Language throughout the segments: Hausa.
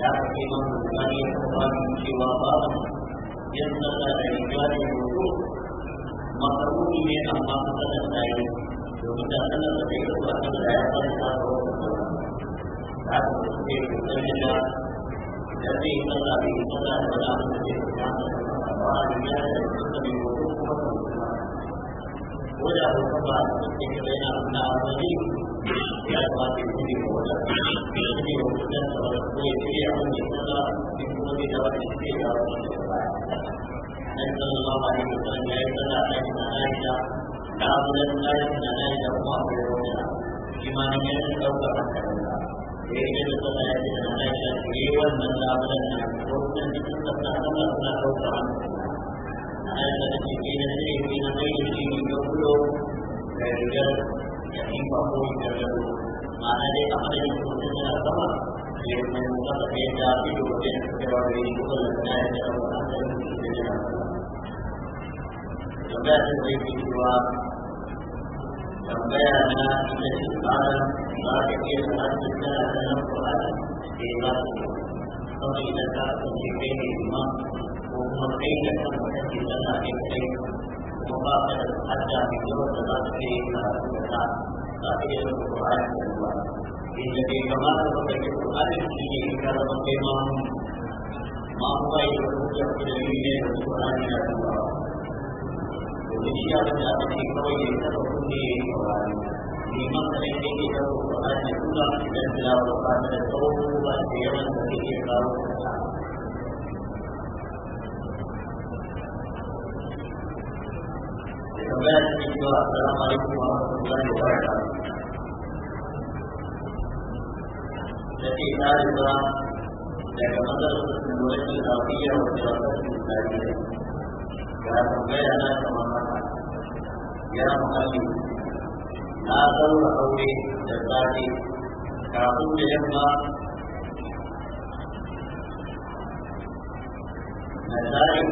ya kai masu bukari ya kuma cewa ba ya tsada da riga da hoto makaruni ne amma su tsada da yi domin da tsada da kai da ba su da ya tsada da hoto da haka da suke kokarin da da zai yi tsada da yi tsada da wani abu da zai fita ba a riga da tsada da hoto kuma ko da hoto ba a cikin yana nuna wani ya kamata ya ne ga wata ya ne ga wata ko ya ce ya wani kuma ne kuma ne da wani ce ya wani da baya dan sallallahu alaihi wasallam ya yi sallah a cikin Aisha da Abu da Aisha da Aisha kuma Abu da wata imanin ya ta dauka hankalinka ya yi da sallah ya ce da Aisha ku yi wannan da Abu da Aisha ko kuma ne kun tsaka Allah na dauka hankalinka Aisha da ce ke na sai ke na sai ke ni ga kulo da rigar in ba ko da ma'ana dai a madadin kudin da sama ya mai mutaka da yadda da ba da da da da cewa tambaya na ce ba ka da da da ba su idan ka kai ne ko kuma kai da kan wata ke kai membaca ada video kita Jadi dan kita tidak dan وبعد الشكوى السلام عليكم ورحمة الله وبركاته التي تعرف لك مدرسة اللغة العربية والدراسات الإسلامية يا مبيعنا كمرة يا مؤلف لا دور قولي جزاكي كعقول يما نتائج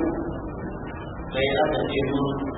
غير كثير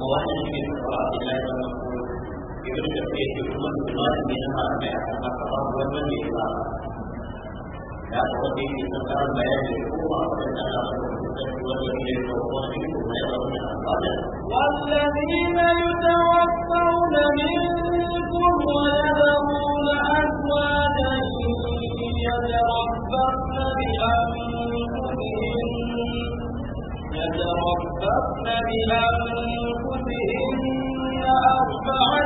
مواهب في قراءة الله والمقبول يريد تسوية الأمم بغاية منها أربعة فقط ومن بإخلاص لا تغطي في سفر بيان الحكومة والذين يتوفون منكم ويذرون أزواجا يتربصن بأنفسهن يتربصن بأنفسهن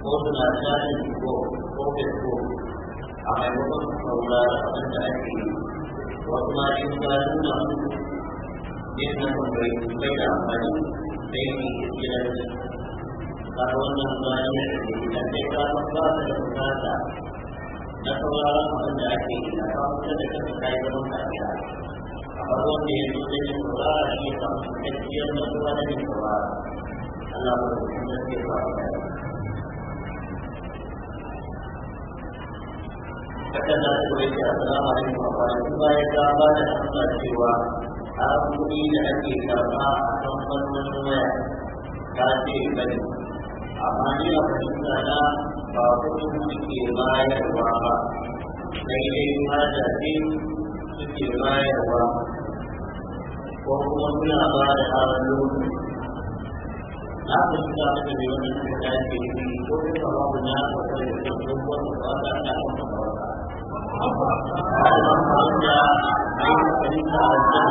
ko suna shayin ko ko facebook a maimakon saurara abin da ake wasu ma in ka nuna yin na bai bai da amfani sai ne a wannan bayan da ba da bukata na sauraron abin da ake yi na kawo da kasa kayi zaman a farkon da ya zo da yin saurara shi ya samu cikakkiyar mutuwa da yin Allah ba da kuma da ke faruwa hakan na su da ke asala a cikin mafarin bayan ta ba da hannar cewa a kuɗi da ake karɓa a kan fannin waya ta ce bane amma ni a fahimta ba kuɗi suke bayarwa ba sai bayarwa ko kuma suna ba da na kusa da wani ko kuma babu na kwasar da kuma kwasar da لوگ ایسے مگر ایسے بات ہے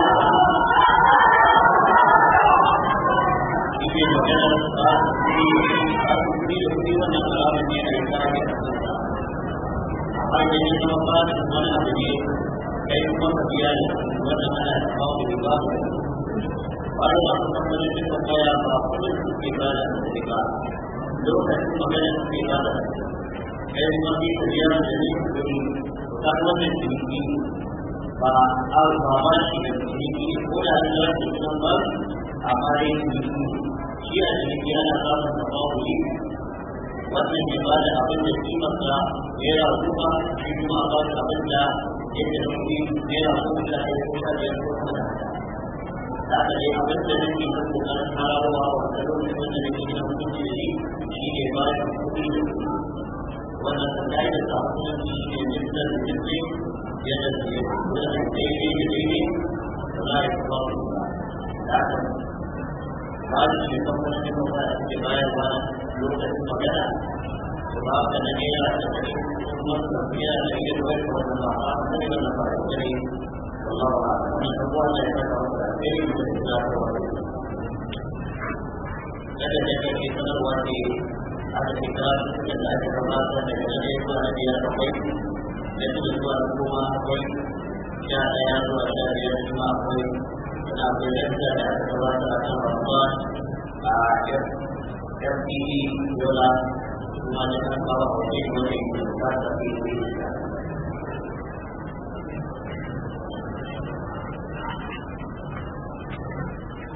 ایسے مگر ایسے بات ہے karuwar da ciniki ba a ba ba shi da ciniki ko da an yi rasu cikin ba a bayan ciniki shi a ciniki ana samun da bawuri wannan ya ba a abin da kimarsa ya yi rasu ba shi kuma ba da abin da ya yi rasu ya yi rasu da ya yi kusa da ya yi kusa da da aka je abin da nake kan kokarin harawa wa da lokacin da nake da mutunci da shi ne ba da kuɗi da wannan ya yi da musulunci shi ne jinta da jinta yadda su yi wajen daidai da daidai da za a yi kuma su da aka babu shi kan wani shi kuma da ke bayarwa lokacin magana to ba ka na naira da kare kuma su da fiya da yi da wani kuma da ba a kare da na fara kare Allah ba ni abuwa da ya kasa wata irin da ya kasa wata. Kada da kake sanarwa ne aka shiga da za ta kamata da gare a kan babba a FPE yola kuma da kan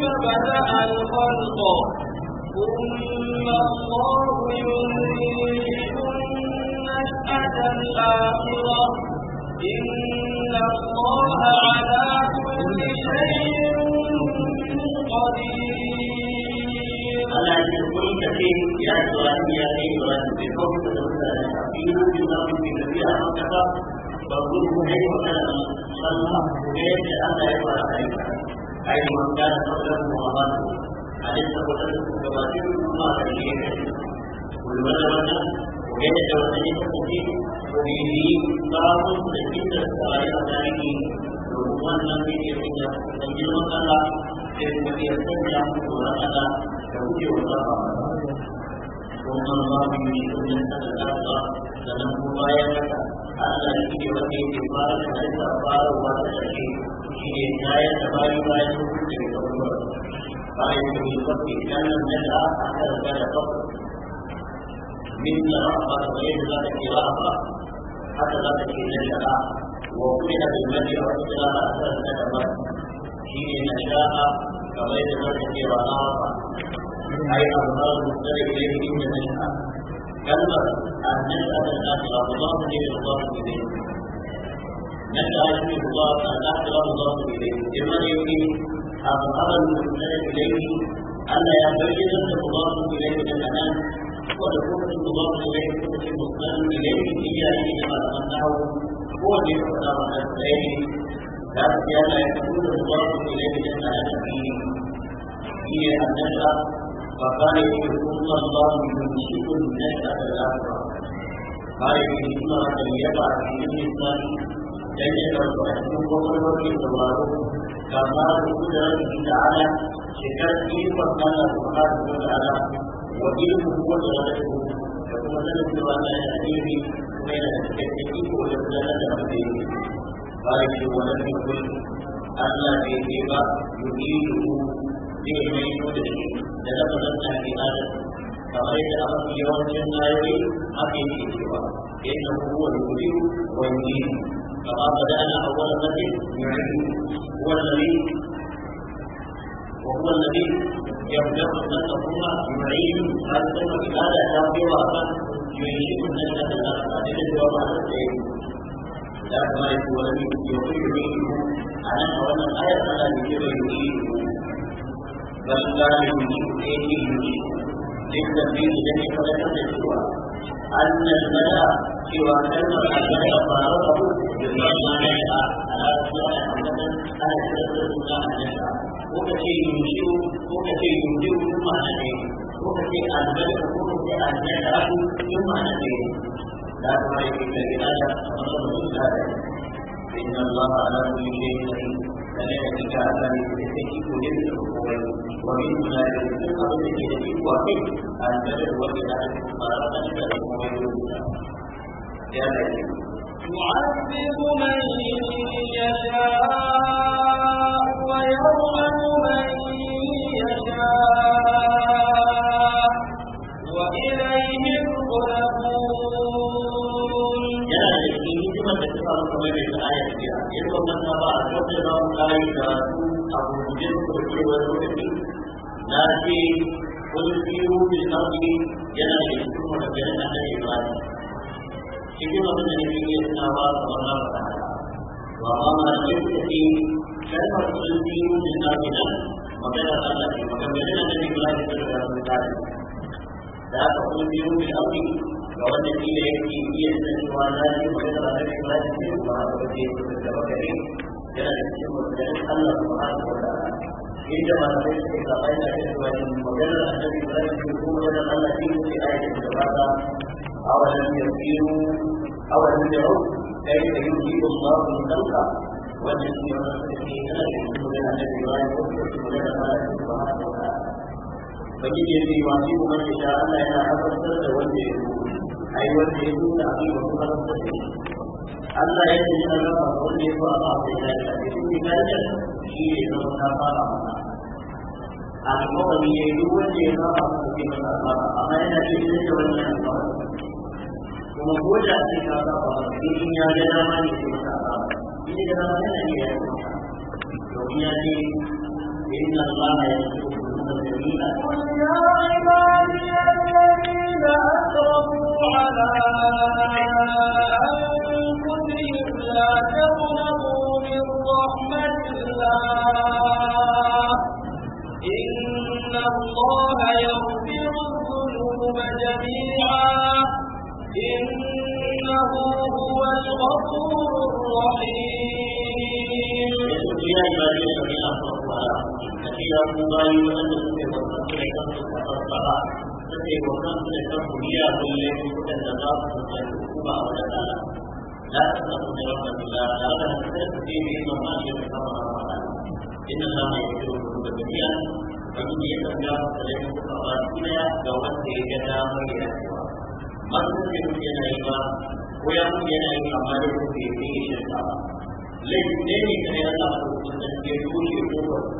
بدأ الخلق ثم الله ينشئ النشأة الآخرة إن الله على كل شيء قدير على كل شيء يا سؤال يا أيها بكم تدخل فينا من الله في نبيها وكفى وكل شيء وكلام الله وكيف أن يفعل ذلك أي من كان قبله وأمامه أليس قبله كباتل الله عليه والولد وجد وجدته فيه وبه قام سجد السرايا ذلك وهو الذي يسجد سجد وصلى في يسجد ورحل يهود وصلى وما الله من سجد الأرض لمن مبايعك على الإيمان والإنفاق ليس أخبار ولا شيء ke kayan da bayan bayan hukunci da kwanwar bayan da mai kwafi kanan da da a kan gada kwafi min da rafa da bayan da za ta ke rafa haka za ta ke nan da wa kuma da mai a wata kira a kan gada kwafi shi ne na sha'a kamar yadda za ta ke rafa ai al'amar mutare da yake inda na sha'a kalmar a nan da ta ke rafa za ta ke rafa نسأل فيه الله أن أحضر الله إليه لمن يريد أظهر المسلم إليه ألا يبين الله إليه للأمام وتكون الله إليه كتب مسلم إليه إياه كما تمنعه هو الذي يقدر على إليه ذلك ألا يكون الله إليه للأمام فيه هي أن نشأ فقال يقول الله يمسك النشأة الآخرة قال إن الله لم يضع في الإنسان yake da wani gwamnatin ma baro ba a duk da rashin da ala shekar ikon kana da ba a duk da ala wa ilimin kuma da rashin kuma sanin na kuma yana da cikakken yana da wanda ya a yi wa rashin kuma Allah bai yi ba yi yi da ku zai yi mai yi da shi da zama zan ta ke ala kamar yadda aka fi yawancin yi haka yake cewa yadda kuma wani wuri wani كما بدأنا أول الذي هو الذي وهو الذي يرجع الناس ثم يعيد هذا ثم بماذا يرضي وأخذ يعيد الناس الأخذ وما نستعين لا تملك ولم يقل منه أنا وأنا الآية على ذكر يعيد بل كان يعيد إليه يعيد للتنفيذ الذي قد تدعوه أن الملأ ko ka ce yunjiu ko ka ce yunjiu duk ma'ana ne ko ka ce albarka ko ka ce albarka duk ma'ana ne da kuma yake da gida da mutum da da إن الله على كل شيء قدير فلذلك على يستحق جميع الأمور ومن ذلك الفقه التي يجب وفيه البلد وبلاد مباركة الأمور يعذب من يشاء ويرحم من يشاء وإليه الغلبون يا لكي يجب أن تتفعل كما في الآية فيها يجب أن تتفعل وقضى ذلك أبو جبير وكل وزوجته لكن قل في يوم الأرض ينادي ثم تبين أن cikin abin da nake iya tunawa a wannan rana wa amma na yin tafi kalmar sun fi mutum na gida magana Allah ce magana da nake kula da da cikin أو أن يدعو كيف يجيب الله من خلقه وأن يسمع المسلمين يقولون الذي لا يقولون ما لا سبحانه وتعالى فجد في واجب من يشاء أن لا حفظ وجهه أي وجهه تعظيم خلق Allah ya ce yana raba wanda ya fara a kai da shi cikin gadar shi ne zama ta fara mana a kuma wani ya yi wanda ya fara a kai da fara amma yana cikin da wannan fara kuma ko da ce ka sa ba ni in ya ga dama ne ke masa ba ni da dama ne ne ya domin ya ce إن الله يسوق المسلمين قل يا عبادي الذين أسرفوا على لا يؤلف بوقت الصلاة التي وقت الدنيا والتي تتناسب الحكم والعدالة لا تتقوا برحمة الله هذا تأتي به مصالح كما إن الله يغفر الذنوب جميعا فمن يتجاوز إليه فقد إلى جوته كلام يسوع مثل يمكن أيضا ويمكن أن يعمل في به شركا لكن ذلك أيضا يقول يقول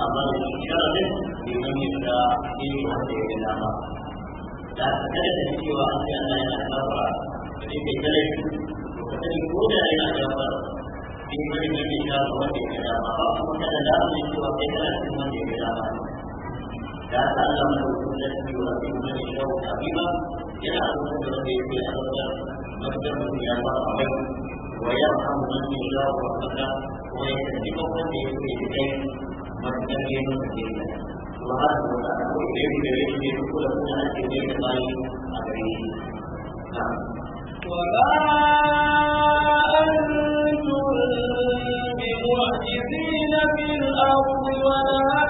amma da sharadin liman yadda ne wanda ya gina ma da kada da cewa an ce Allah yana gafara da shi ke kare to ka sani ko da yana gafara in kai ne ke sha wanda ya gina ma ba kuma kada da su ne cewa kai kana cikin wanda ya gina ma da haka Allah mai hukunta da cewa in kai ne shawo kabila yana zuwa da wanda ya gina ma mafitar mutum ya ba a wai ويرحم من يشاء رحمته ويهدي قومه اليه ke da kuma har su na وما أنتم بمعجزين في الأرض ولا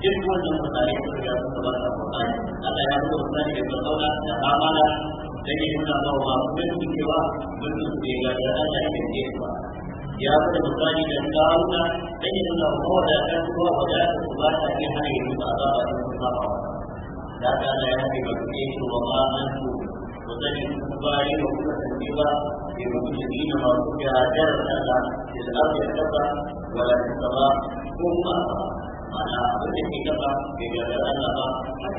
duk wannan misali da suka su gaba da Qur'ani Allah ya zo misali da kaula da amala da ke nuna ba wa mutum cewa mutum ga da Allah ce ba ya zo misali da kaula da ke nuna ba da kan ko ba da su ba ta ke hana yin ba ba su ba ba da ka Allah ya ce ba ke shi wa ma an su ko da shi ku ba yi wa kuma san ba ke ba ku shi ne ma ku ga da Allah da ya wala kuma معناها قد يأتي كفى بجبلان لها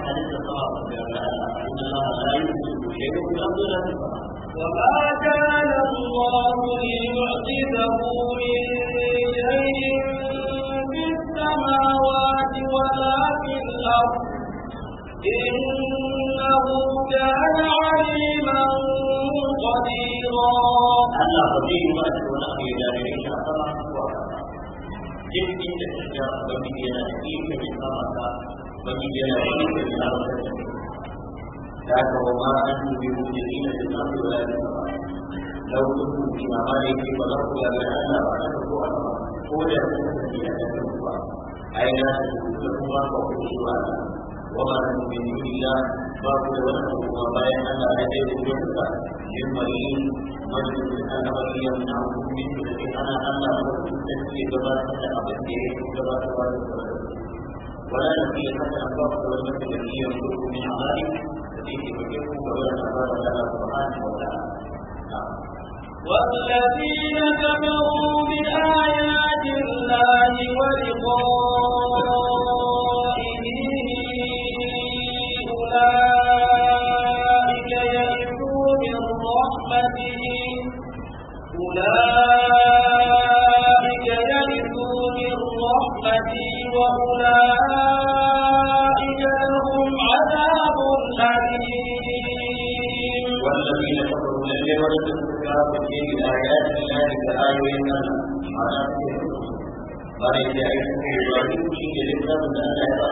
حديث الصلاة بجبلان لا يمسك شيء في وما كان الله ليعجزه من في السماوات ولا في الأرض إنه كان عليما قديرا الله قدير ما تكون في ذلك jirgin tidak tafiya wani yana da ikon ya kama ka wani yana da ikon ya kama ka da aka wa ma an yi biyu da ina da kama da ya kama lau kun kuma ma ne ke ba za ba ku da wani kuma bayan ya zai rubuta ka mai wani na wani yau na hukumin su da ke ana Allah su ke gabatar da abin da ya ke da kuma والذين كفروا But if there is a looking, it is not that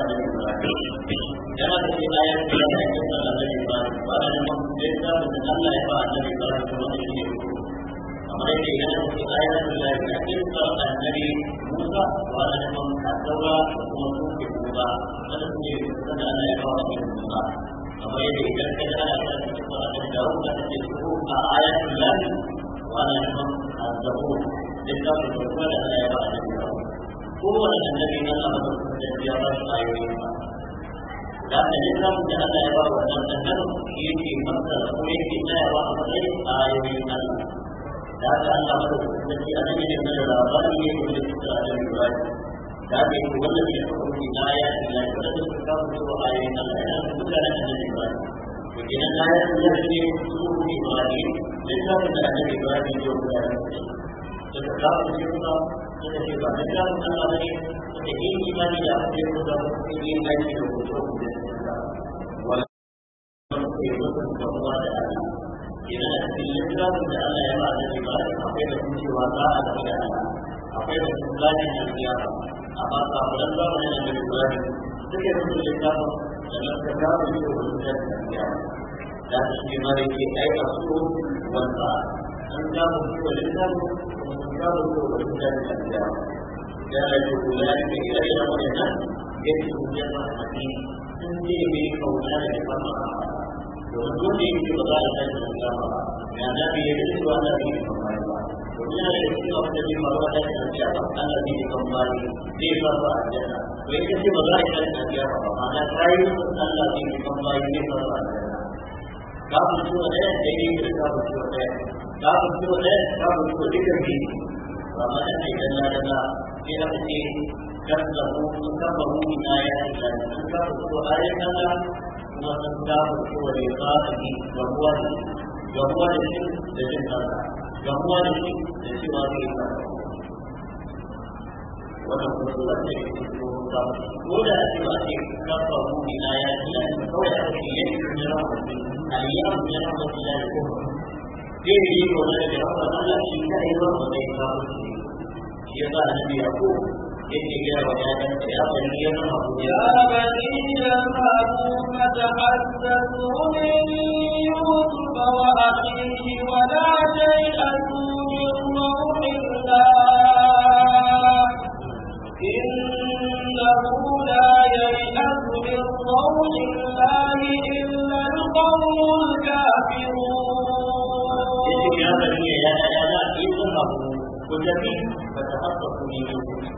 سلام جل و علا وتذكر يك مصدر ويك جواب ولي عالمين دا كان لفظ الذي انا من الله قال يك مصدر جل و علا ذاك هو الذي يكون في داعي الى قدرته كما هو عالمين الله تعالى جل و علا لكن لا يوجد شيء في بالي ليس من الله جل و علا جل و علا تتكلم في الله تتكلم في الله تتكلم في الله تتكلم في الله تتكلم في الله تتكلم في الله تتكلم في الله تتكلم في الله ina yi littafin da Allah ya ba da da ba akwai da kuma cewa da a tafi da akwai da kuma da na biya da samunan zamanin da da kula suke da kuma littafin da da ta gaba da yau da ta biya da da ne ma da ke da su wanda da gaba su da littafin kuma da gaba su da kuma ta da ya ce da ke ila ila wani nan yadda su biya ma a cikin sun ce mai da ya fama وجود انقضاء الحج الكفر لأن هذه يجوز الذي يتمالك ومن الاختلاف الذي مرات الكفر الذي يتمالك في فرع الجنة ويكتب ذلك الكفر معنى خير الذي يتمالك في فرع الجنة كافر سورة جديد كافر سورة كافر سورة كافر سورة جديد وما تأتي لنا لنا في أمسي كفره كفره من آيات الله كفره آيات الله kuma sun samu cewa ya fa'adi gamuwa da shi gamuwa da shi da jin kansa gamuwa da shi da cewa zai yi kansa wannan kuma su wanda ya fi cikin wuta ko da a ce ba ce kafa muni na ya ji a cikin kawai a cikin yanki na rahoti aliyu na rahoti ya yi kuma zai yi gobe da rahoti Allah shi ka yi rahoti ya kawo shi ya ba na biya ko يا بني أخاكم تحدثوا من يوسف وأخيه ولا تيأسوا من روح إنه لا ييأس من روح الله إلا القوم الكافرون. يا بني يا أخاكم تحدثوا من يوسف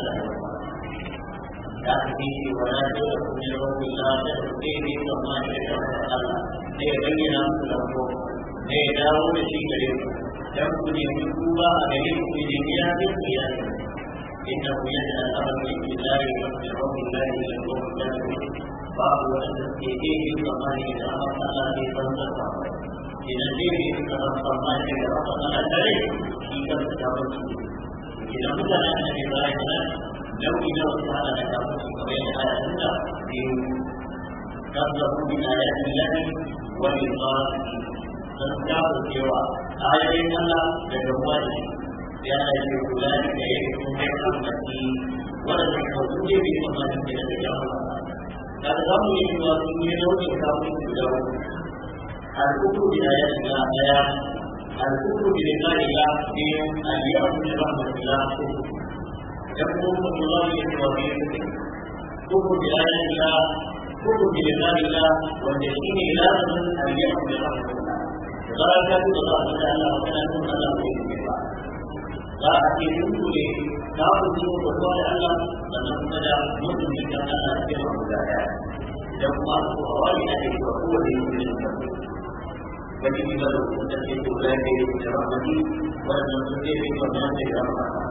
تأتيه ولا تؤمنه إلا تأتيه كما شاء الله ليبين له ليداوم شكره يأخذ الكوبا على المؤمن بها بالقيام إنه يسأل أمر بالله ويحفظه الله إلى القوم الكافرين فأبو أن تأتيه كما شاء الله في فلسفة إذا جئت كما شاء الله إلى ربنا تلك في كم تتعرض إذا مثلا أن إبراهيم nau'i na wasu hana da kafin kamar yadda ana nuna biyu kafin bin ayatin lahi wa min tsawaki don kafa cewa ayoyin Allah da ya aiki kula da ya yi kuma ya kama shi wanda ta kawo ne bai ya الكفر بآيات الله الكفر بلقاء الله اليوم الله جب وہ وہ سے کو نہیں وہ وہ کو کو کو نے ذرا کیا ہے اللہ جب ہوئے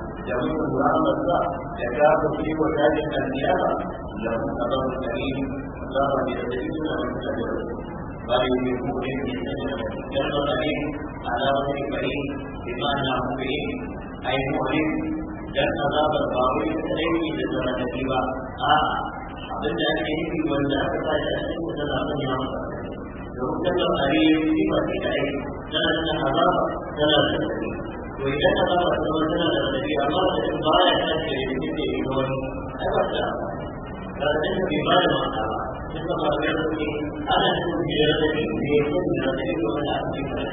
da mutum ramarsa da ta kuɗi wa tashin nan niyama lahu azabun karim azaba da zai suna da mutane da su bayan ne kuɗin da ne sanya da jalbar karim azabun karim ne ma'ana kuɗi ai mu'min dan azabar ba wai aiki da zama da ba a abin da ake nufi wanda aka sa shi a cikin wata zaɓen ya masa da hukumar karim ba ce da aiki tana da azaba tana to idan ka fara da wannan da take amma da ba ta ce ni ne ke gon abata da nan ne ba da mata ne ka fara ni ana so ni da ni ne ne ko na ne ko na ne ko na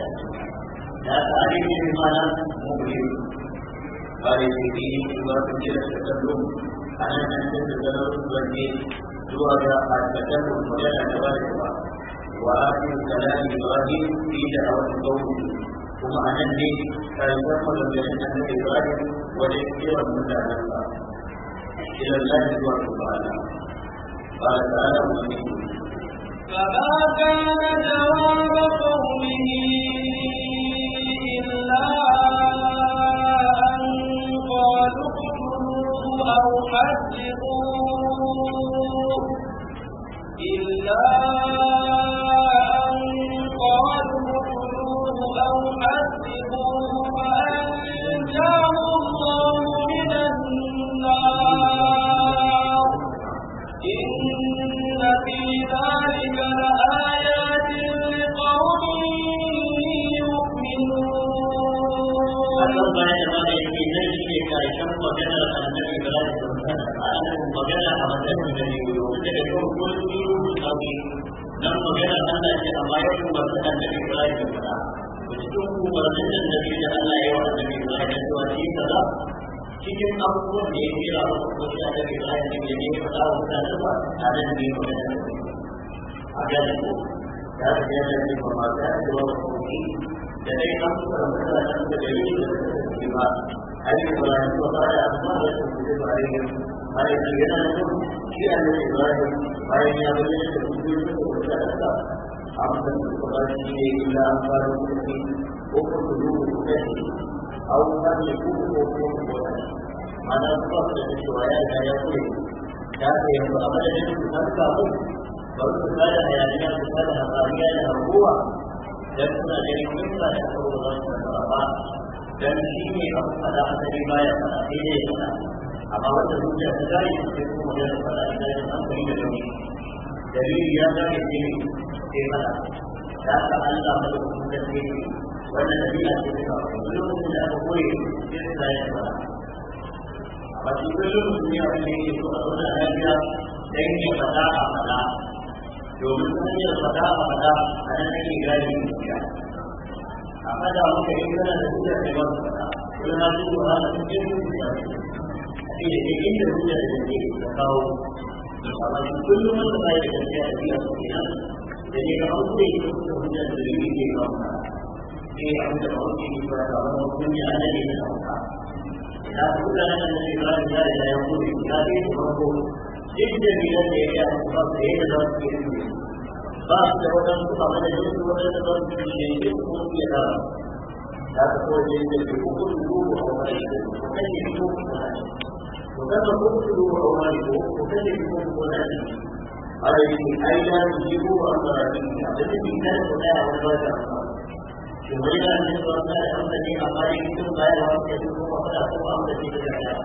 da ta ne ma na mu ne ba ni ne ba ku ji da ta do ana nan da da da da ne to aga a ta ta mu ne da ba da ba wa a cikin kalamin ibrahim fi kuma a nan ne karɓar maganganun annabi Ibrahim wajen kiran mutanen ba إلى الله ba قال تعالى فما كان جواب قومه إلا أن قالوا إلا आपको देख के आपको कुछ ज्यादा बेटा है कि नहीं पता होता है तो ज्यादा नहीं हो जाता अगर वो ज्यादा से ज्यादा नहीं कमाता है तो होगी जैसे हम परंपरा से जरूरी की बात है कि बड़ा तो हमारे आत्मा है तो मुझे बारे में हमारे लेना है तो किया है इब्राहिम हमारे यहाँ पे जैसे मुझे तो होता रहता हम सब पता किए इलाम पर वो कुछ रूप है और उनका ये कुछ होता है ana su ba da cewa ya riga ya kure ya ce yanzu a madadin su san samu ba su su kada hayaniya su kada hatsariya da harkowa dan suna ganin kisa da aka ba za su nasara ba dan shi ne kuma da asali baya fada sai dai ya fada amma wanda zuciya ta gane sai kuma magana fada ina yin hankali da nauyi dalili ya gane shi ne sai fada da aka Allah ba da kuma kan ne wannan dalila ce ta kawo lokacin da aka koyi sai ta yi fada ba shi kullum mutum ya wani yake so a zauna lafiya da yanke fada a fada domin ta hanyar fada a fada a nan ake gane gaskiya a fada muka yi kana da hujja da yawan fada kuma na su ba na cikin hujja a ce da ke inda hujja da ke da kawo amma shi kullum wanda ba ya da gaskiya a biya su kenan da ne kamar yi da hujja da dalili ke kawo ke eh, abin da ba ba ya لا تقول لنا ان الادراك الجاري لا يقول بكتابه مرفوض جدا بلاد يجعل الخط غير ذات بعض العلماء فقد يجوز وتدرس من شيء في هذا لا تقول جدا بكل ذوق او مالكه وكيف ذوق وكما قلت ذوق او مالكه وكيف ذوق عليه اين يجيبه امر الذي كان هناك عبادات وإذا لم يذكر أسماء الذي أمالك ثم لا يعرف يذكره فلا هو أمر في الإعلام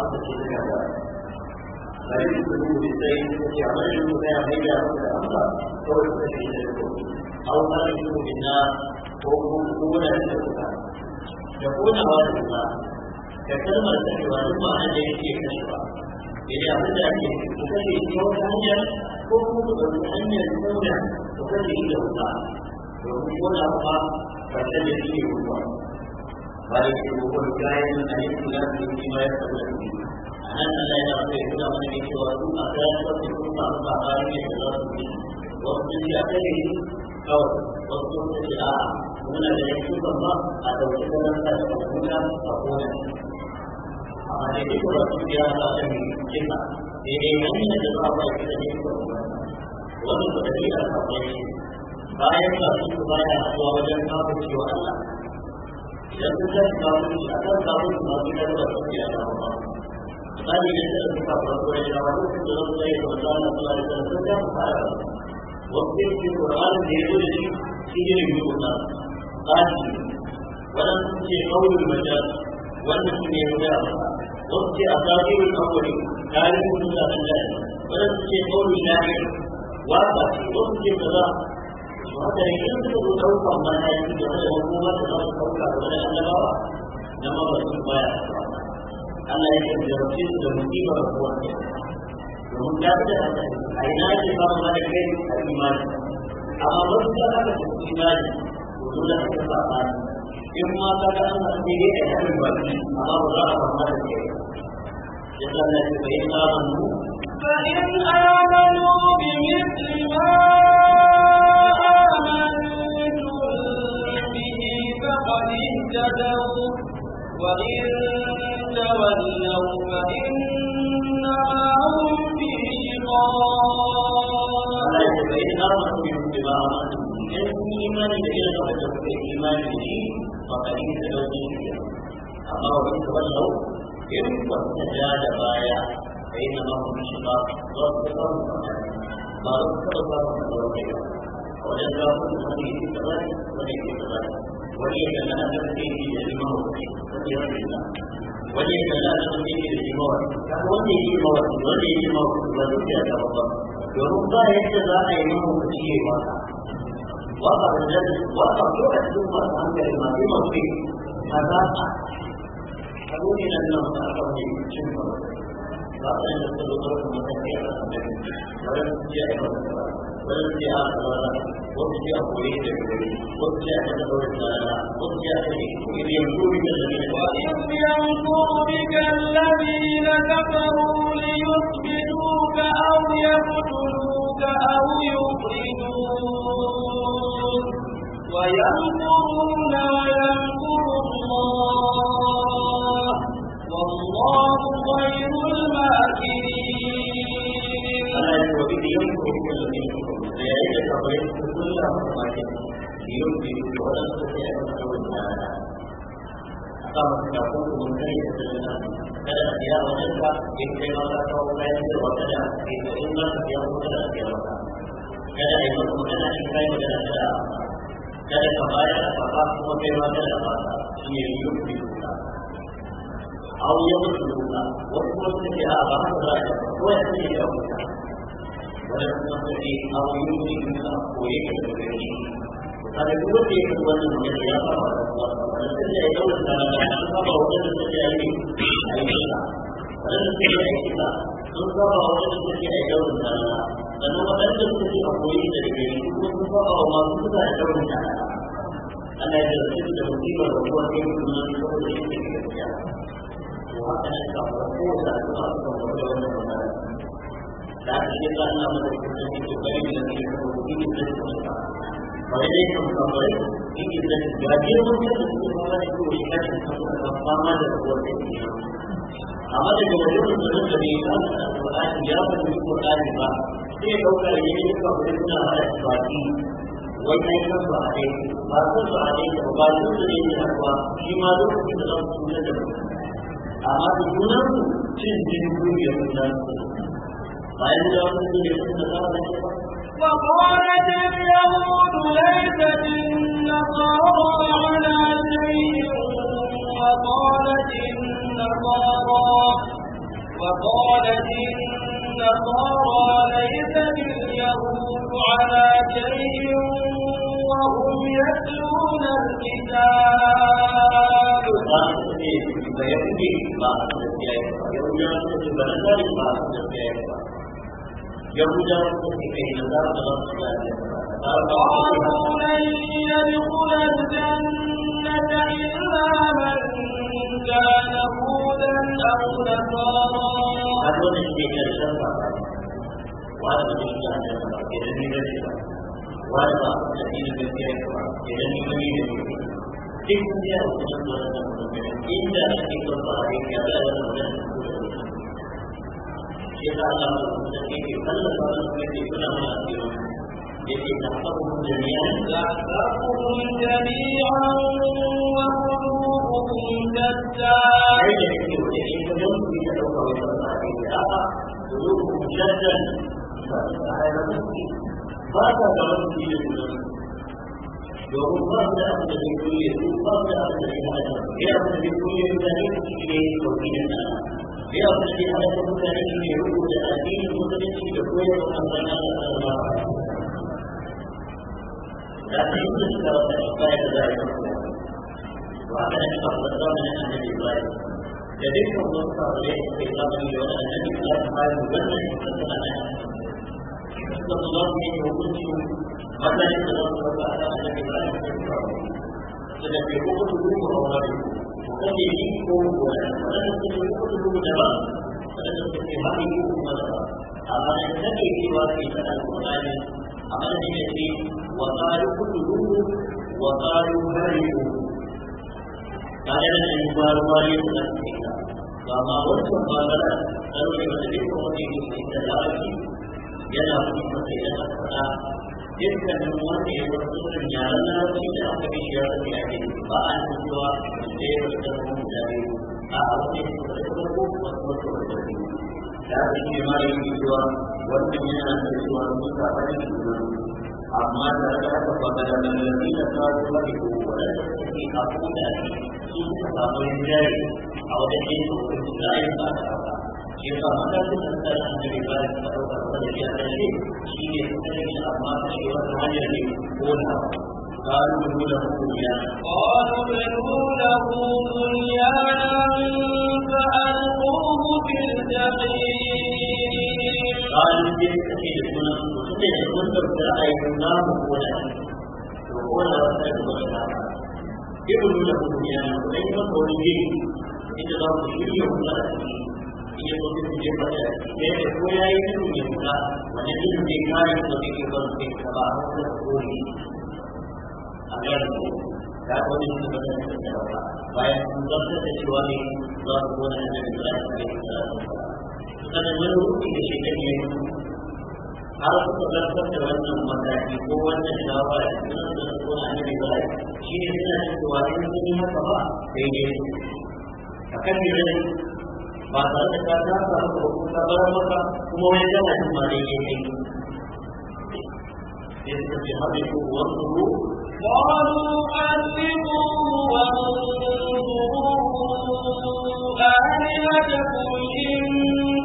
أمر في الإعلام فإن يذكره بالسيد ويعمله لا يعمل الأمر فهو يستفيد الكون أو خرجه بالنار وهو لا يذكرها يكون هذا الله ككلمة تكوى ثم أن يأتي كشفا إذا أردت أن يكون هنيا وهو أن يكون وكذلك الله Rasulullah lapar kerana dia ini berubah. Balik ke bukul kain dan ada tulang di lima ayat tersebut. Anak Allah yang ada kita menjadi suatu maka suatu kumpulan bahagian yang adalah suci. Waktu dia ada ini, kau waktu dia tidak guna dengan itu semua atau kita dalam tanda kumpulan apapun. Apa jadi kalau tu dia tak ada ini cinta. Ini mana yang jadi apa kita ini kumpulan. Waktu dia tidak apa ini bayan da su ba ya zuwa wajen kafin cewa Allah idan sun tashi kafin shi a kan kafin su masu kan da suke a kan ba misali ne da su ka farko ya shawa lokacin da zai yi da Allah su ba da sun ta fara wakil shi Qur'an da ya zo da shi shi ne mai wuta tsaki wannan ce kaulul majal wannan shi ne ya ga wakil asatirul awwali tarihin mutanen da wannan ce kaulul lahir waka ce wakil kaza maka dari itu kita perlu tahu mana yang kita ada hubungan dengan mereka kepada anda bawa nama bersumpah Allah yang berfirman dan mengibar kuatnya mengganda ainat imam malikin iman apabila ada iman sudah kesalahan yang mengatakan sendiri ada berbagi apa Allah malikin jadilah sebaik kamu فإن آمنوا بمثل ما فقد اهتدوا وإن تولوا فإنما هم في شقاق فإن آمنوا بما آمنوا إن إيمان الذين قبلوا بالإيمان به فقد اهتدوا أما وإن تولوا إن فاستجاب بايا فإنما هم في شقاق وصفهم ما رزقهم الله وجزاهم به بالغد وليس بالغد وجد لا تبتيه للموت وجد لا تبتيه للموت وجد الموت وجد الموت وجد الموت يربى يجزى عينه فيه واقع وقع الجد وقع جوع ثم عن كلمات الموت هذا أقول إلى الله تعالى شكرا وقع الجد وقع الموت ولم يجعله والانتهاء الصلاة وابتداء قريب وابتداء تدبر الصلاة وابتداء إذ يمكر بك الذين وإذ يمكر الذين كفروا ليثبتوك أو يقتلوك أو يخرجوك ويمكرون ويمكر الله والله خير الماكرين από τη λέξη όμως που ειώνες… Έχεις κότο enc 않는 σχέδιο, από τηatory και ήξερες seeing Потen. αυτο dopamine ειώνες… Που δεν τιhero prince ας πatiques τίποτε και μη έσυ ένας τίποτα στη σκηνεύδι… Α partly wo knappen… Μα π Football πρω το��δ importing να το νότogether πανστε遠 είναι, διότι πάντε τα π intellectually με με semiconductor, το προ ropesapo 북 π debrόκ τους δουλέψτε είναι το πιο 但是他们这些，他们因为经常熬夜的原因，但是如果这些关键的指标到了的话，这些都是在两个社保政策的建议范围内的，但是这些不行的，不是社保政策的建议都是这样的。等到我真的自己要独立的时候，不是社保，我实在都是这样的。但是这个事情如果通过政府呢，是必须解决的。我开始找他，不想找这么多这种人。da aka yi za Allah ba da da ba ba ba ba ba وقالت اليهود ليست النصارى على شيء وقالت النصارى وقالت النصارى ليست اليهود على شيء وهم يتلون الكتاب يهودا كيف دارت قالوا لن يدخل الجنة إلا من كان هودا أو نصارى هذول الشيء الجنة وهذا الشيء الجنة إذا نجد وهذا الذين بالكيف إذا نجد كيف يجب أن يكون هناك إلا أن يكون هناك جزاء المتقين كل صلاة كل مغفرة يتفقهم جميعا تحفظهم جميعا وقلوبهم شتى قلوبهم شتى ماذا تظن في الجنة؟ domin ba su da abin da zai kulle su ba su da abin da zai hada ya abin da zai kulle su da ne su ne tauhidin Allah že že yana da shi a cikin mutane ne rubuta addinin musulunci da koyarwar manzon Allah sallallahu alaihi wasallam da ta yi da suka wata ibaya da za a yi wa kana že ba da že annabi Ibrahim da dukkan wasu sahabbai da ke zamani da wani annabi Allah ta bayar da wannan sallallahu alaihi wasallam sallallahu alaihi wasallam mata ne da wata annabi Ibrahim že ke hukunci da wani sani ni ko wani mutum ko dubu daban wani mutum ke bani ko kuma daban amma da sani cewa ke ta alƙur'ani amma da shi ne wa qalu kullu wa qalu bari'u tare da shi ba ruwari da suka ba dan kita pada kedua itu tentang da shi a ƙarshe shi ne sanin shi amma cewa ta hanyar ne ko na قالوا ابنوا له بنيانا قالوا ابنوا له بنيانا فألقوه في الجحيم قالوا بالكفي يكون يكون تبدا ايمان ولا ولا تبدا ابنوا له بنيانا وإنما قولوا به إذا ضربوا شيء يقول لك ya zo duk ya fada da ya ko ya yi duk ya kula wani duk bai kare da bai ke bar bai ka ba ko da kore a ga ko da ko ne da da ba bayan sun zarta da cewa ne za su gona da Ibrahim alaihi salatu sannan wani rufi da shi ne har suka zartar da wannan mataki ko wannan shafa da suna da su ko annabi Ibrahim shi ne suna cewa in sun yi haka ba daidai ba tare da ka ta samu hukun ta bar maka kuma wani yana yin ma daidai ne sai suka ce har da kuma wasu ru قالوا أنفقوا وانظروا آلهتكم إن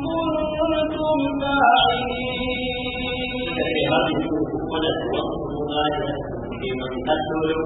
كنتم فاعلين.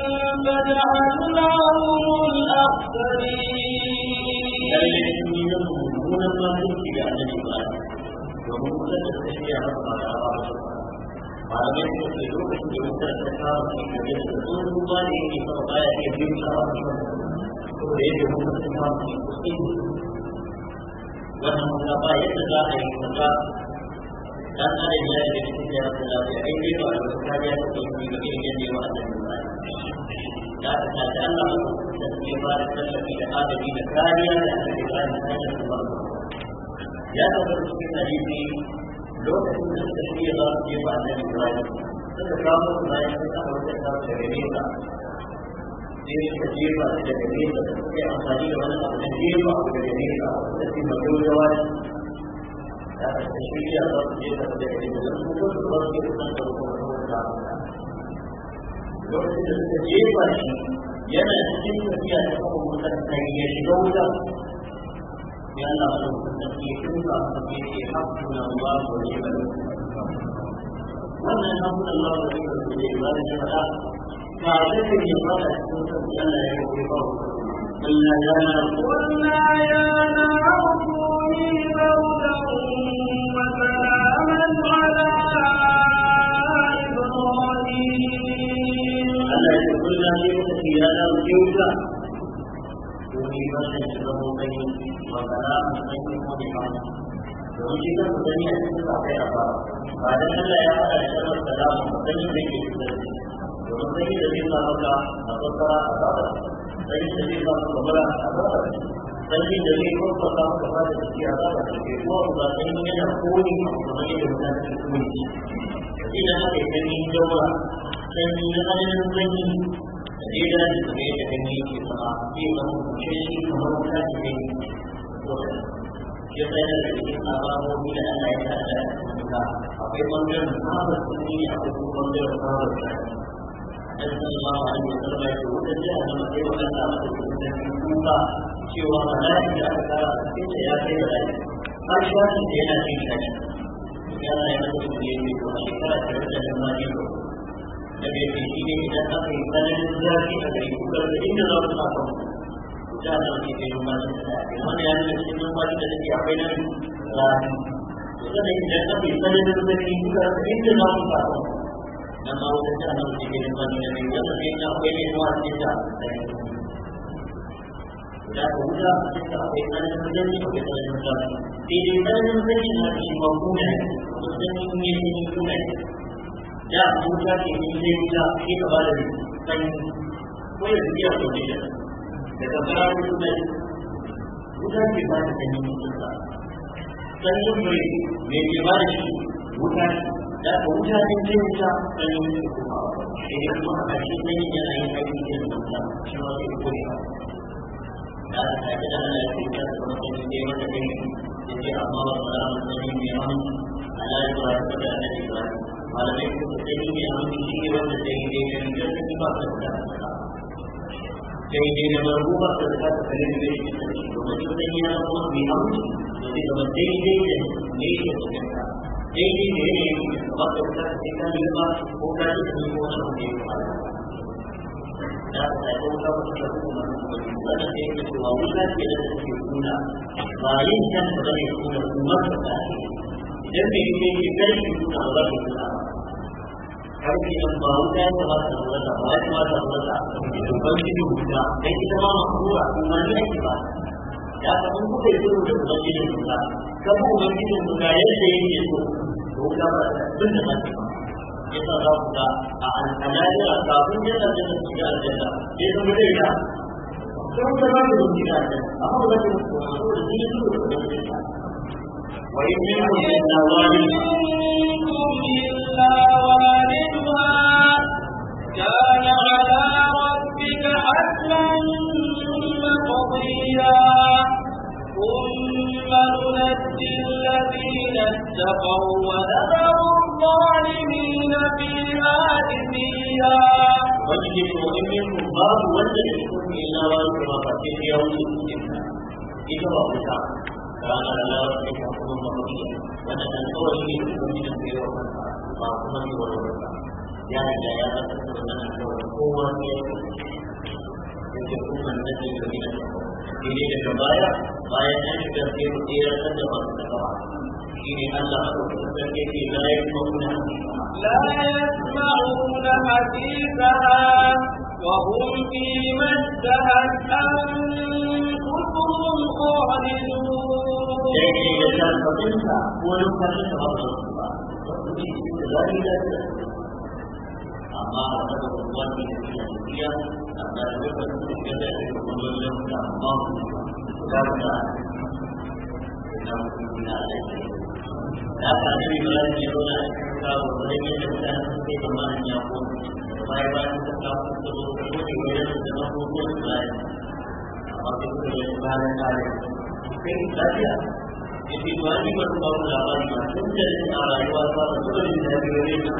فجعلناهم الأخسرين domin wadannan da shi ya rasa da rawa malamai su ke lokacin da wata ta kawo su da da tsohon ruwa da yake sama baya iya biyu ta wa shi ko da yake wata ta kawo su kusa wannan wata ba yadda za a yi wata dan adam ya yi da cikin ya rasa lafiya ai bai ba da kariya ta ke yi ga irin yadda ya wa Allah da ta ta Allah da ke ba da tallafi da adami da kariya da ta ke ba da tallafi ya ta ba cikin hadisi lokacin da suka shirya za su je ba da Ibrahim suka kawo ta bayan suka hauta ta da gare ta sai ta jefa su daga nesa da suka yi amfani da wani da jefa abu daga nesa da su mai yau da wani da aka shirya za su jefa da daga nesa da su kuma ba su yi da da kuma lokacin da suka jefa shi yana cikin tafiya ta kuma mutar sai ya shiga wuta ya Allah su tafi tuka tafi ke haƙƙu na Allah ko ne ba wannan haƙƙu na Allah ko ne ba ne ba ne ba ta zai yi ba da cikin tafiya Allah ya yi ba Allah ya na Allah ya na ku ni juga Bumi bahasa yang sudah mempunyai Maka mempunyai modifikasi Jadi kita sebenarnya itu pakai apa Pada saya yang ada dalam dalam Mempunyai sedikit Mempunyai dari melakukan Atau salah atau apa Dari dari melakukan pembelah atau apa Dari dari melakukan kepada Dari apa Itu mempunyai yang kuning Mempunyai dengan kuning Jadi dapat kita minjau lah Dan kita minjau leader today that they need is the RP from Shashi Mahotra today. Just like that, it is Nava Mohi and I said that we wonder how the Sunni and we wonder how the Sunni. That's the Imam Ali Yusufai who said that the Mateo Kata was the Kuka, she was a man in Jaka, she said that they were like, I was in Jena King Session. Yana yana yana yana yana yana yana yana yana yana yana na da yake shi ne idan aka yi tsananin zafi a gari kukar da inda za su fasa wuta da ke kai numfashin da zafi wanda ya nuna cikin numfashin da take akwai nan zafi sannan idan aka yi tsananin zafi kukar da inda za su fasa na ma wuta ta nan ke kai numfashin da mai yasa ne na akwai ne ma cikin da da ka wuta cikin da akwai tsananin zafi akwai tsananin zafi sai dai tsananin zafi na shi ba kuna ne wajen yin yin kuna ne da Abuja ke cikin wuta ke gaba da sanyi ko ya zuciya ko ne da daga fara wuta wuta ke ba da sanyi wuta sanyin mai mai ke ba da shi wuta da ka wuta ne ke wuta sanyin wuta kuma idan kuma a ƙarshe sanyi yana yin aiki ke da wuta shi ma ke kuri ba da aka kaji da ana yi da kuma sanyi ne wata ne da ke amma wasu ranar sanyi mai hannu ala yi ba da annabi ba malamai su ku sani ne a mutu shi ta ba da da ba da ba ko ta ta ta ta ta ta ta ta da yadda yake yi kai shi na za ku har ki an ba mu kai ba ta ba ta wata wata ban ki da huta dai ita ma makura kuma ni ake ba ya ta mun kuka yi da ban ki da huta kuma ban ki da huta yadda yake so to ka ba tun da ba yasa za ku ga a al'adar kafin yana da shiga aljanna ya ta dai da kuma da ba da shiga aljanna amma ba da kuma da shi da وإن منكم إلا واردها كان على ربك حتما مقضيا ثم ننجي الذين اتقوا ونذر الظالمين فيها جثيا وجد منكم باب وجد منكم إلا واردها فإن يوم الدنيا إذا فأنا لا ربك أقول مرضية وأنا أنصر لي من الخير وأقوم لي ولولا يا إلى يا أكثر من الحول قوة يكون النبي من الحول إليك كبايا بايا أنشد في مديرة تجمع التقوى إن الله لا يسمعون لا يسمعون حديثها وهم فيما اشتهت أنفسهم خالدون da yake da sarfafinsa ko numfashinsa ba su ba su da da su amma kuma da a da ba su da da da da ta sai da da da yake to an yi wani babu labari ba tun da yin a rayuwa ta da kuma yin da biyu ne ta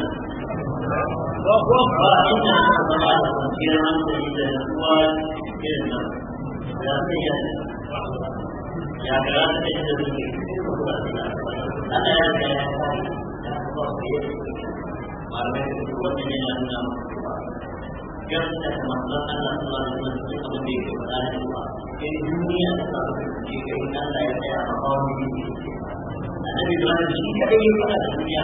ba a yin da aka zama da kwanciyar hankali da kuma irin nan ya sai ya ne ya gara da yin da suke ana yin da ya fara da kuma fiye da suke malamai da kuma wani ne na nuna yang sudah dimaksudkan dalam Al-Quran itu memiliki kepada Allah. Jadi dunia selalu memiliki keinginan dari saya Allah di sini. Ada di dalam dunia keinginan dunia.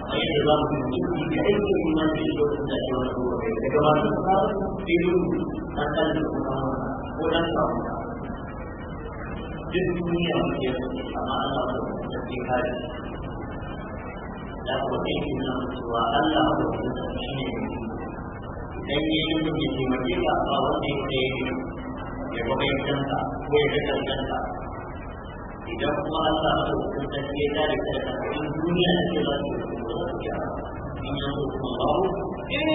Makanya di dalam dunia jika itu iman itu sudah dilakukan. Bagaimana sekarang itu akan dilakukan. Orang tahu. Di dunia yang sama Allah ketika da ku ne ki na cewa Allah ba ki da shi ne idan yi mutum ya taimake ba wanda ya ya kuma yi ko ya ga kanka idan kuma Allah ba ki da shi ya kare ka daga cikin duniya da ba ki da shi إن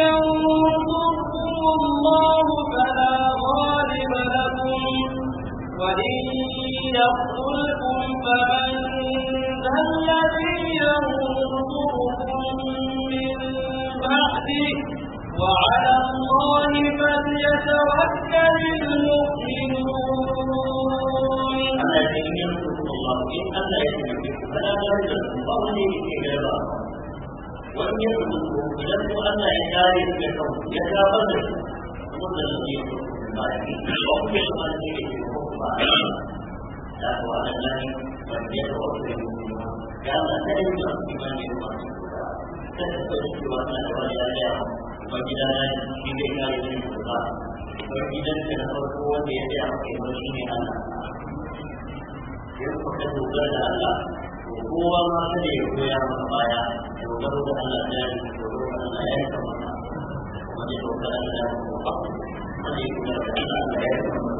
ينصركم الله فلا غالب لكم وإن يقتلكم فمن ذا الذي ينصركم من بعده وعلى الله فليتوكل المؤمنون الذين ينصركم الله إن ألا يتمكن فلا تنسوا قولي إجابة وإن يتمكن فلسوا ألا يجاري لكم يتابعوا وقد نصيبكم من بعده وقد يشغل به حكم لا هو أن لا يتوكل المؤمنون ga matsayin ta ya tsaya kai ba shi ne ta yi yi yi yi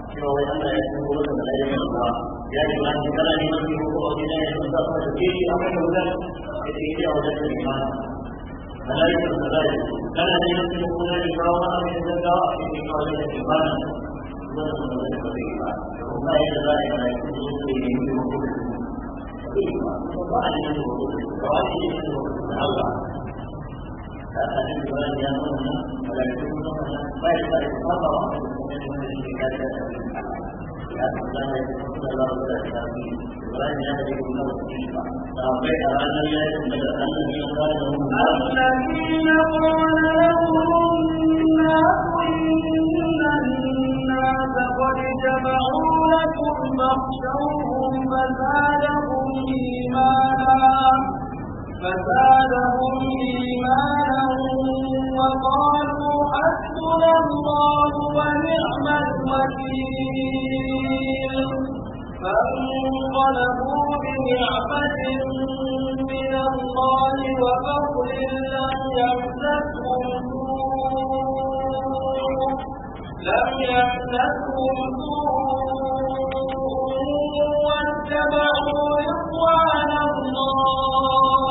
cewa wai Allah ya san kuma da malaikun ba ya ji ba kana ne mun ko ko ne ya san da ko ke shi amma da wannan da ke da wannan da ba malaikun da zai kana ne mun ko ko ne ba wa ne da da ke ne ko da ke ba wannan da ke ba kuma ya da ya da ko ne ne ko ko ba ne ko ko ba ne ko ko ba ne النبي إبراهيم يأمرنا ولا يكتبنا ما يشترك مرة واحدة من الشركات لكن لا يكون الله ولا يكون إبراهيم يأمر الله بالشفاء فأبيت أن لا يكون الذين قال لهم الذين قال لهم الناس إن الناس قد جمعوا لكم فاخشوهم فزادهم إيمانا فزادهم إيمانا وقالوا حسبنا الله ونعم الوكيل فانقلبوا بنعمة من الله وفضل لم يمسسهم سوء لم يمسسهم سوء واتبعوا رضوان الله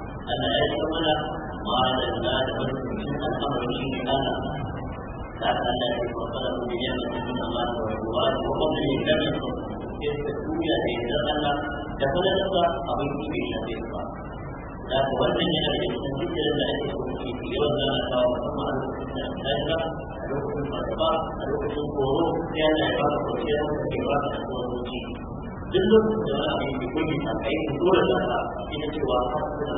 ألا يشتغل قال لا تبرك من الأمر به هذا هذا الذي فضله بنعمة من الله ورضوانه وفضله لم يكن يستكون يتغنى يقول لك أبيت في شهرك لا تولى من الاستنتاج الذي يكون في يوم لا تقوم على الاستنتاج الوقت المرتبط الوقت الظروف كان عبارة عن عبارة عن duk lokacin da wani abin da kuma ta dole da ta ina cewa hasbun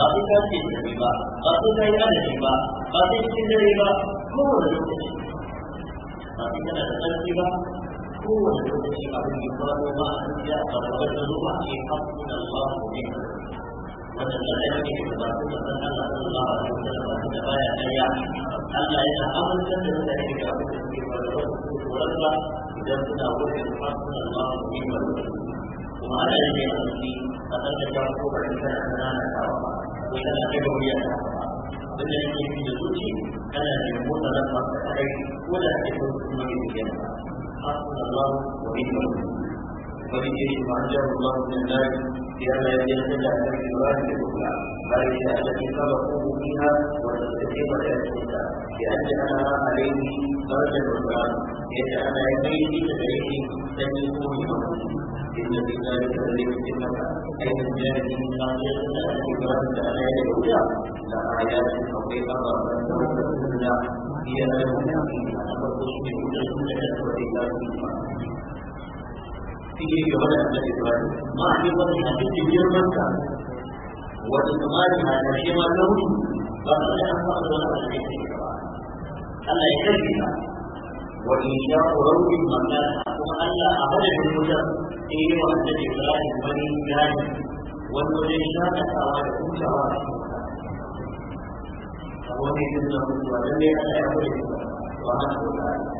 Allah wa ni'mal ba sai ka ce da ba ba sai ka yi adadi ba ba sai cikin dare ba kowane lokaci ba sai kana da ƙarfi ba kowane lokaci abin da kuma ko ba a ya ba ba da zuwa ce hasbun Allah wa ni'mal wannan da ya ne ba su da san Allah sallallahu alaihi wa sallam da baya kariya Allah yana amince da mutane da abin da suke faruwa da idan suna wurin fasin Allah su yi kuma ana da ne a ciki a da ta ko bari kana kanana ta ba ko kana da gauriya ta ba da yake fi da zuci kana da mota da fasin kai ko da ake so su yi wani fasin su yi wani ومن جيش ما انزل الله من الناس لئلا يتخلى عن الكبرات الكبرى ذلك التي سبقوه فيها وتستقيم لأجلها لأن جعلها عليه فرجا وسرا لأن يديه تدعيه أن يكون إن في ذلك الذي يتمك أي من ذلك الناصية الكبرات على يدها لآيات عظيمة هي لا يمكن أن تكون من الأسود إلا suke game da Allah Ibrahim ma a yi? wani a cikin girman ka wanda tsamari na ƙarshe ma launi ba ta da an faɗa wani abu da yake ba Allah ya karbi ka wa in sha rawi manna kuma Allah a madadin mutum ta yi wa Allah Ibrahim wani gani wani wajen shakatawa da hutawa a cikin a wani yanzu na mutuwa don dai Allah ya kula da wa hana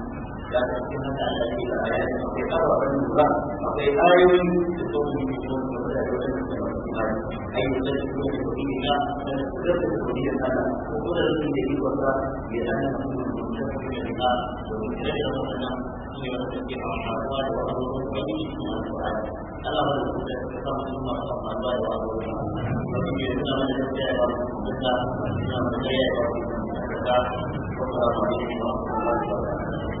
dan mungkinnya ada di lain kita akan juga pakai air untuk minum dari orang air itu seperti kita dan sudah seperti yang ada untuk dari sini di kota biasanya masih menunjukkan kita kita tidak pernah mengingatkan kita bahwa orang orang ini Al-Quran Allah berkata kita semua sama Allah Allah tapi kita menjadi kita kita menjadi kita kita menjadi kita